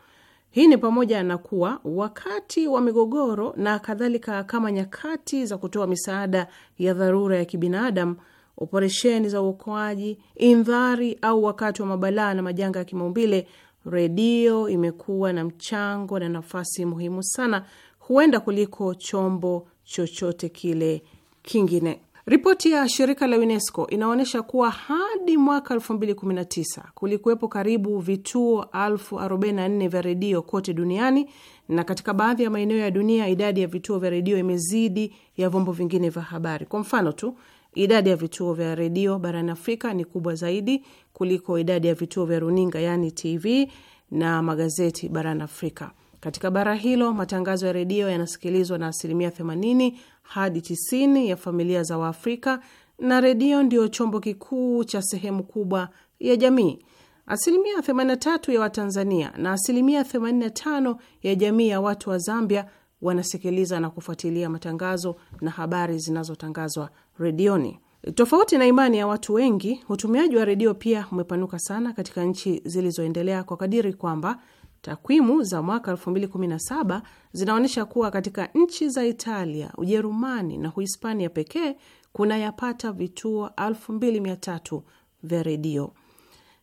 Speaker 3: Hii ni pamoja na kuwa wakati wa migogoro na kadhalika, kama nyakati za kutoa misaada ya dharura ya kibinadamu, operesheni za uokoaji, indhari au wakati wa mabalaa na majanga ya kimaumbile, redio imekuwa na mchango na nafasi muhimu sana, huenda kuliko chombo chochote kile kingine. Ripoti ya shirika la UNESCO inaonyesha kuwa hadi mwaka 2019 kulikuwepo karibu vituo 44 vya redio kote duniani, na katika baadhi ya maeneo ya dunia idadi ya vituo vya redio imezidi ya vyombo vingine vya habari. Kwa mfano tu, Idadi ya vituo vya redio barani Afrika ni kubwa zaidi kuliko idadi ya vituo vya runinga, yani TV na magazeti barani Afrika. Katika bara hilo matangazo ya redio yanasikilizwa na asilimia 80 hadi 90 ya familia za Waafrika, na redio ndio chombo kikuu cha sehemu kubwa ya jamii. Asilimia 83 ya Watanzania na asilimia 85 ya jamii ya watu wa Zambia wanasikiliza na kufuatilia matangazo na habari zinazotangazwa redioni. Tofauti na imani ya watu wengi, utumiaji wa redio pia umepanuka sana katika nchi zilizoendelea kwa kadiri kwamba takwimu za mwaka 2017 zinaonyesha kuwa katika nchi za Italia, Ujerumani na Uhispania pekee kunayapata vituo 2300 vya redio.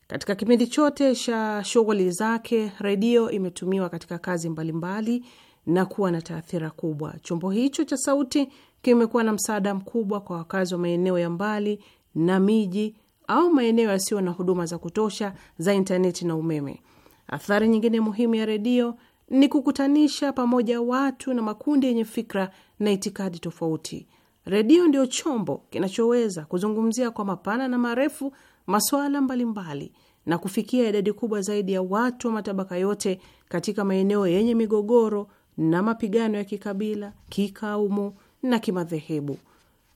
Speaker 3: Katika kipindi chote cha shughuli zake, redio imetumiwa katika kazi mbalimbali na kuwa na taathira kubwa. Chombo hicho cha sauti kimekuwa na msaada mkubwa kwa wakazi wa maeneo ya mbali na miji au maeneo yasiyo na huduma za kutosha za intaneti na umeme. Athari nyingine muhimu ya redio ni kukutanisha pamoja watu na makundi yenye fikra na itikadi tofauti. Redio ndio chombo kinachoweza kuzungumzia kwa mapana na marefu masuala mbalimbali na kufikia idadi kubwa zaidi ya watu wa matabaka yote katika maeneo yenye migogoro na mapigano ya kikabila, kikaumu na kimadhehebu.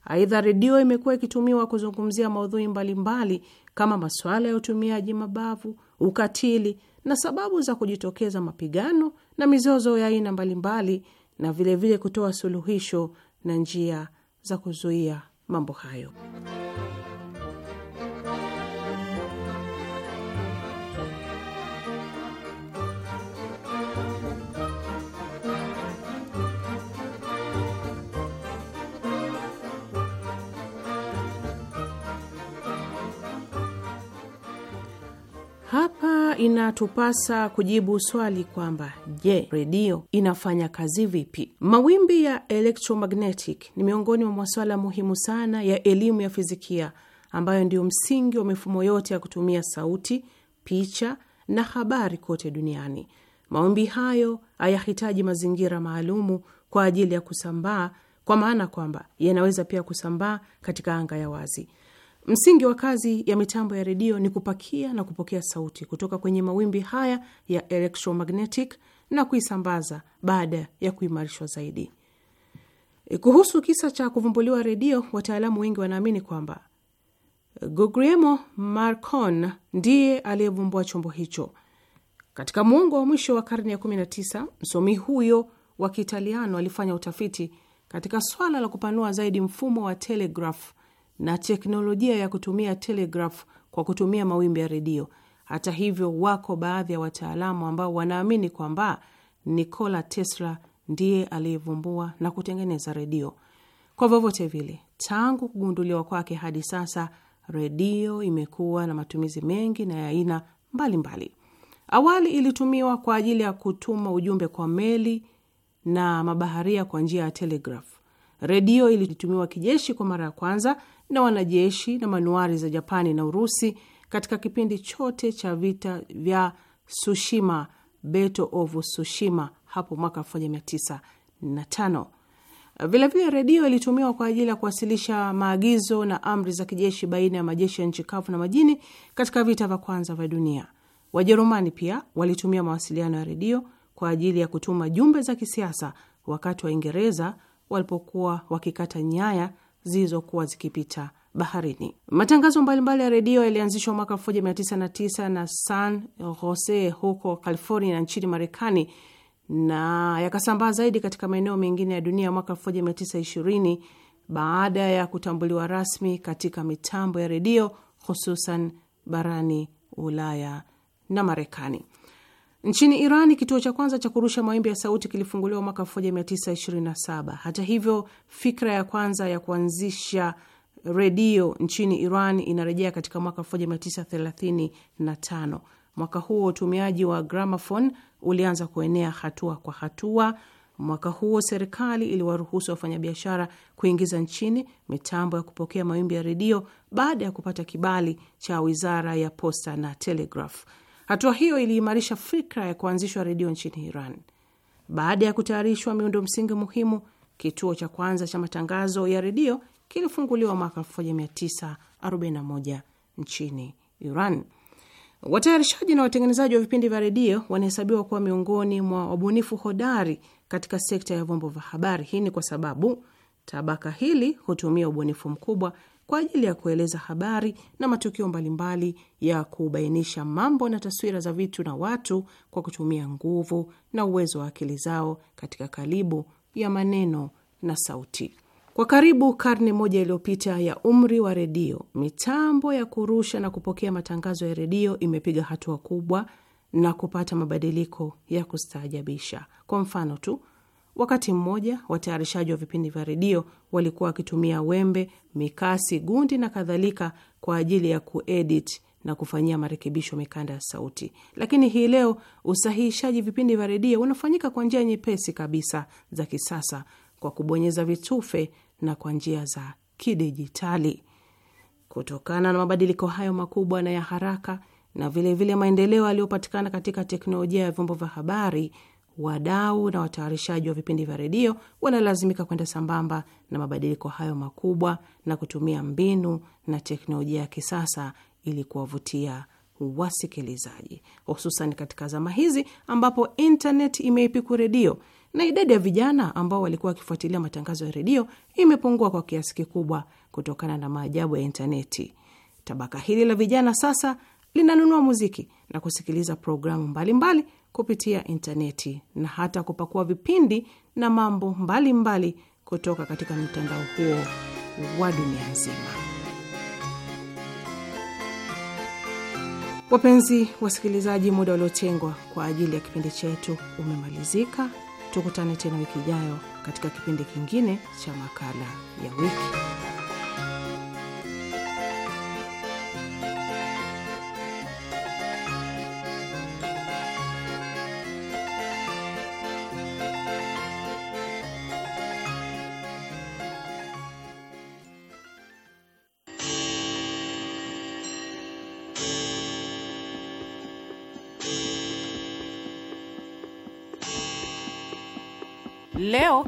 Speaker 3: Aidha, redio imekuwa ikitumiwa kuzungumzia maudhui mbalimbali mbali, kama masuala ya utumiaji mabavu, ukatili na sababu za kujitokeza mapigano na mizozo ya aina mbalimbali, na vilevile kutoa suluhisho na njia za kuzuia mambo hayo. inatupasa kujibu swali kwamba je, redio inafanya kazi vipi? Mawimbi ya electromagnetic ni miongoni mwa masuala muhimu sana ya elimu ya fizikia ambayo ndiyo msingi wa mifumo yote ya kutumia sauti, picha na habari kote duniani. Mawimbi hayo hayahitaji mazingira maalumu kwa ajili ya kusambaa, kwa maana kwamba yanaweza pia kusambaa katika anga ya wazi. Msingi wa kazi ya mitambo ya redio ni kupakia na kupokea sauti kutoka kwenye mawimbi haya ya electromagnetic na kuisambaza baada ya kuimarishwa zaidi. E, kuhusu kisa cha kuvumbuliwa redio, wataalamu wengi wanaamini kwamba e, Guglielmo Marconi ndiye aliyevumbua chombo hicho. Katika muongo wa mwisho wa karne ya 19, msomi huyo wa Kiitaliano alifanya utafiti katika swala la kupanua zaidi mfumo wa telegraph na teknolojia ya kutumia telegraf kwa kutumia mawimbi ya redio. Hata hivyo, wako baadhi ya wataalamu ambao wanaamini kwamba Nikola Tesla ndiye aliyevumbua na kutengeneza redio. Kwa vyovyote vile, tangu kugunduliwa kwake hadi sasa, redio imekuwa na matumizi mengi na ya aina mbalimbali. Awali ilitumiwa kwa ajili ya kutuma ujumbe kwa meli na mabaharia kwa njia ya telegraf. Redio ilitumiwa kijeshi kwa mara ya kwanza na wanajeshi na manuari za Japani na Urusi katika kipindi chote cha vita vya Tsushima, Battle of Tsushima hapo mwaka 1905. Vilevile redio ilitumiwa kwa ajili ya kuwasilisha maagizo na amri za kijeshi baina ya majeshi ya nchi kavu na majini katika vita vya kwanza vya dunia. Wajerumani pia walitumia mawasiliano ya redio kwa ajili ya kutuma jumbe za kisiasa wakati Waingereza walipokuwa wakikata nyaya zilizokuwa zikipita baharini. Matangazo mbalimbali ya redio yalianzishwa mwaka 1909 na San Jose huko California nchini Marekani na yakasambaa zaidi katika maeneo mengine ya dunia mwaka 1920 baada ya kutambuliwa rasmi katika mitambo ya redio hususan barani Ulaya na Marekani. Nchini iran kituo cha kwanza cha kurusha mawimbi ya sauti kilifunguliwa mwaka 1927. Hata hivyo, fikra ya kwanza ya kuanzisha redio nchini Iran inarejea katika mwaka 1935. Mwaka huo utumiaji wa gramafon ulianza kuenea hatua kwa hatua. Mwaka huo serikali iliwaruhusu wafanyabiashara kuingiza nchini mitambo ya kupokea mawimbi ya redio baada ya kupata kibali cha wizara ya posta na telegraph. Hatua hiyo iliimarisha fikra ya kuanzishwa redio nchini Iran. Baada ya kutayarishwa miundo msingi muhimu, kituo cha kwanza cha matangazo ya redio kilifunguliwa mwaka 1941 nchini Iran. Watayarishaji na watengenezaji wa vipindi vya redio wanahesabiwa kuwa miongoni mwa wabunifu hodari katika sekta ya vyombo vya habari. Hii ni kwa sababu tabaka hili hutumia ubunifu mkubwa kwa ajili ya kueleza habari na matukio mbalimbali ya kubainisha mambo na taswira za vitu na watu kwa kutumia nguvu na uwezo wa akili zao katika karibu ya maneno na sauti. Kwa karibu karne moja iliyopita ya umri wa redio, mitambo ya kurusha na kupokea matangazo ya redio imepiga hatua kubwa na kupata mabadiliko ya kustaajabisha. Kwa mfano tu Wakati mmoja watayarishaji wa vipindi vya redio walikuwa wakitumia wembe, mikasi, gundi na kadhalika kwa ajili ya kuedit na kufanyia marekebisho mikanda ya sauti, lakini hii leo usahihishaji vipindi vya redio unafanyika kwa njia nyepesi kabisa za kisasa kwa kubonyeza vitufe na kwa njia za kidijitali. Kutokana na mabadiliko hayo makubwa na ya haraka na vilevile maendeleo yaliyopatikana katika teknolojia ya vyombo vya habari wadau na watayarishaji wa vipindi vya redio wanalazimika kwenda sambamba na mabadiliko hayo makubwa na kutumia mbinu na teknolojia ya kisasa ili kuwavutia wasikilizaji, hususan katika zama hizi ambapo intnet imeipiku redio na idadi ya vijana ambao walikuwa wakifuatilia matangazo ya redio imepungua kwa kiasi kikubwa kutokana na maajabu ya intaneti. Tabaka hili la vijana sasa linanunua muziki na kusikiliza programu mbalimbali mbali kupitia intaneti na hata kupakua vipindi na mambo mbalimbali mbali kutoka katika mtandao huo wa dunia nzima. Wapenzi wasikilizaji, muda uliotengwa kwa ajili ya kipindi chetu umemalizika. Tukutane tena wiki ijayo katika kipindi kingine cha makala ya wiki.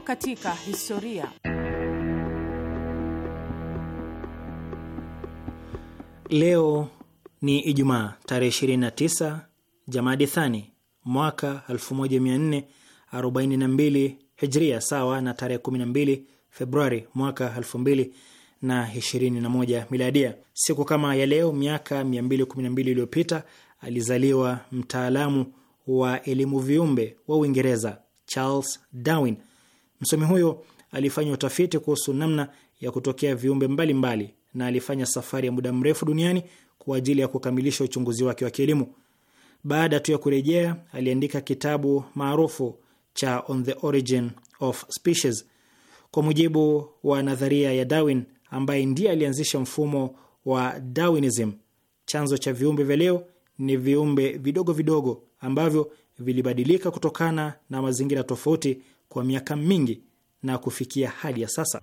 Speaker 3: katika historia.
Speaker 4: Leo ni Ijumaa tarehe 29 Jamadi Thani mwaka 1442 Hijria, sawa na tarehe 12 Februari mwaka 2021 Miladia. Siku kama ya leo miaka 212 iliyopita alizaliwa mtaalamu wa elimu viumbe wa Uingereza Charles Darwin Msomi huyo alifanya utafiti kuhusu namna ya kutokea viumbe mbalimbali mbali, na alifanya safari ya muda mrefu duniani kwa ajili ya kukamilisha uchunguzi wake wa kielimu. Baada tu ya kurejea, aliandika kitabu maarufu cha On the Origin of Species. Kwa mujibu wa nadharia ya Darwin, ambaye ndiye alianzisha mfumo wa Darwinism, chanzo cha viumbe vya leo ni viumbe vidogo vidogo ambavyo vilibadilika kutokana na mazingira tofauti kwa miaka mingi na kufikia hali ya sasa.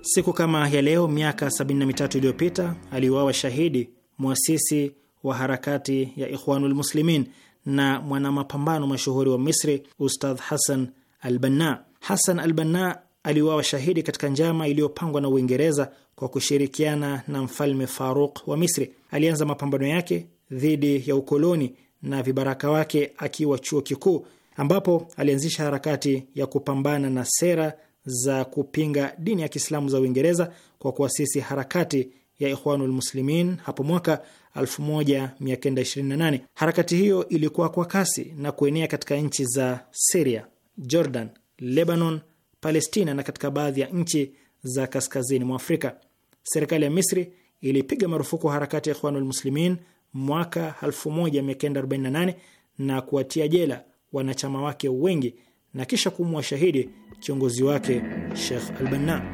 Speaker 4: Siku kama ya leo miaka 73 iliyopita aliuawa shahidi mwasisi wa harakati ya Ikhwanul Muslimin na mwanamapambano mashuhuri wa Misri, Ustadh Hasan Albanna. Hasan Albanna aliuawa shahidi katika njama iliyopangwa na Uingereza kwa kushirikiana na mfalme Faruk wa Misri. Alianza mapambano yake dhidi ya ukoloni na vibaraka wake akiwa chuo kikuu, ambapo alianzisha harakati ya kupambana na sera za kupinga dini ya Kiislamu za Uingereza kwa kuasisi harakati ya Ikhwanul Muslimin hapo mwaka 1928. Harakati hiyo ilikuwa kwa kasi na kuenea katika nchi za siria Jordan, Lebanon Palestina na katika baadhi ya nchi za kaskazini mwa Afrika. Serikali ya Misri ilipiga marufuku harakati ya Ikhwanul Muslimin mwaka 1948 na kuwatia jela wanachama wake wengi na kisha kumua shahidi kiongozi wake Sheikh Albanna.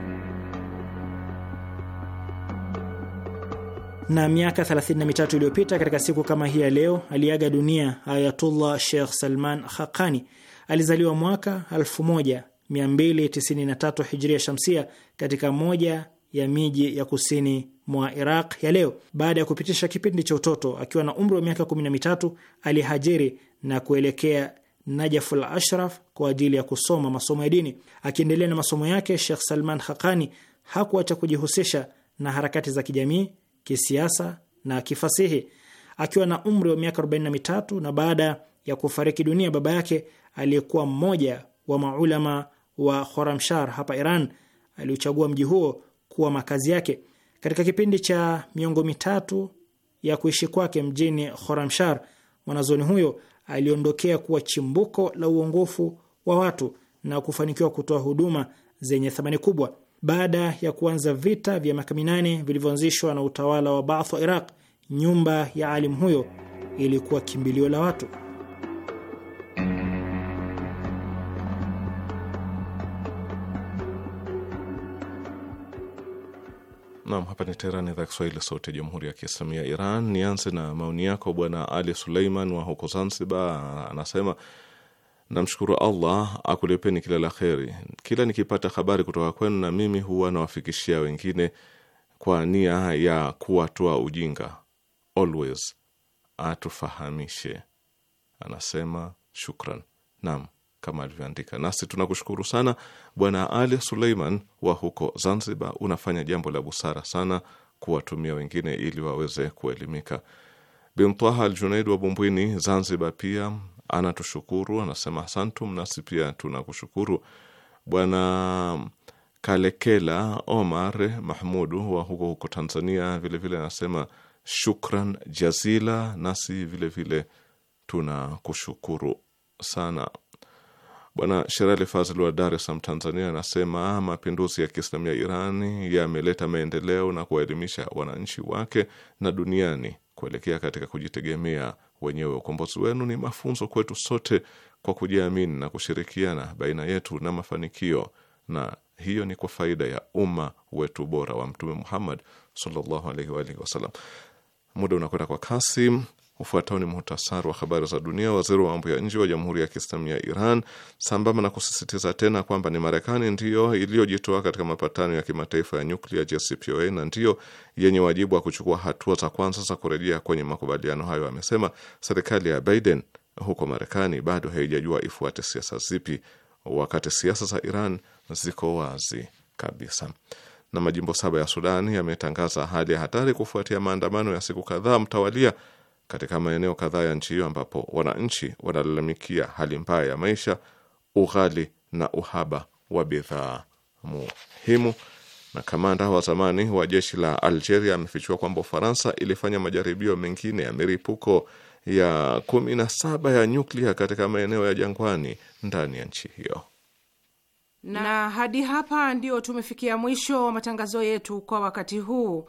Speaker 4: Na miaka 33 iliyopita katika siku kama hii ya leo aliaga dunia Ayatullah Sheikh Salman haqani Alizaliwa mwaka 293 hijria shamsia katika moja ya miji ya kusini mwa Iraq ya leo. Baada ya kupitisha kipindi cha utoto akiwa na umri wa miaka 13, alihajiri na kuelekea Najaful Ashraf kwa ajili ya kusoma masomo ya dini. Akiendelea na masomo yake, shekh Salman haqani hakuacha kujihusisha na harakati za kijamii, kisiasa na kifasihi. Akiwa na umri wa miaka 43 na baada ya kufariki dunia baba yake aliyekuwa mmoja wa maulama wa Khoramshar hapa Iran, aliochagua mji huo kuwa makazi yake. Katika kipindi cha miongo mitatu ya kuishi kwake mjini Khoramshar, mwanazoni huyo aliondokea kuwa chimbuko la uongofu wa watu na kufanikiwa kutoa huduma zenye thamani kubwa. Baada ya kuanza vita vya miaka minane vilivyoanzishwa na utawala wa Baath wa Iraq, nyumba ya alim huyo ilikuwa kimbilio la watu.
Speaker 1: Nam, hapa ni Teherani, idhaa Kiswahili, sauti ya jamhuri ya kiislamu ya Iran. Nianze na maoni yako bwana Ali Suleiman wa huko Zanzibar, anasema namshukuru Allah akulipeni kila la kheri. Kila nikipata habari kutoka kwenu, na mimi huwa nawafikishia wengine kwa nia ya kuwatoa ujinga. Always atufahamishe, anasema shukran. Nam kama alivyoandika. Nasi tunakushukuru sana Bwana Ali Suleiman wa huko Zanzibar, unafanya jambo la busara sana kuwatumia wengine ili waweze kuelimika. Bintaha Aljunaid wa Bumbwini, Zanzibar, pia anatushukuru, anasema asantum. Nasi pia tunakushukuru. Bwana Kalekela Omar Mahmudu wa huko huko Tanzania vilevile anasema vile shukran jazila. Nasi vilevile tunakushukuru sana. Bwana Sherali Fazil wa Dar es Salaam, Tanzania, anasema mapinduzi ya Kiislamu ya Irani yameleta maendeleo na kuwaelimisha wananchi wake na duniani kuelekea katika kujitegemea wenyewe. Ukombozi wenu ni mafunzo kwetu sote kwa kujiamini na kushirikiana baina yetu na mafanikio, na hiyo ni kwa faida ya umma wetu bora wa Mtume Muhammad sallallahu alaihi wa alihi wasallam. Muda unakwenda kwa kasi. Ufuatao ni muhtasari wa habari za dunia. Waziri wa mambo ya nje wa Jamhuri ya Kiislamu ya Iran, sambamba na kusisitiza tena kwamba ni Marekani ndiyo iliyojitoa katika mapatano ya kimataifa ya nyuklia JCPOA na ndiyo yenye wajibu wa kuchukua hatua za kwanza za kurejea kwenye makubaliano hayo, amesema serikali ya Biden huko Marekani bado haijajua ifuate siasa zipi, wakati siasa za Iran ziko wazi kabisa na majimbo saba ya Sudani yametangaza hali ya hatari kufuatia maandamano ya siku kadhaa mtawalia katika maeneo kadhaa ya nchi hiyo ambapo wananchi wanalalamikia hali mbaya ya maisha, ughali na uhaba wa bidhaa muhimu. Na kamanda wa zamani wa jeshi la Algeria amefichua kwamba Ufaransa ilifanya majaribio mengine ya miripuko ya kumi na saba ya nyuklia katika maeneo ya jangwani ndani ya nchi hiyo.
Speaker 3: Na hadi hapa ndio tumefikia mwisho wa matangazo yetu kwa wakati huu.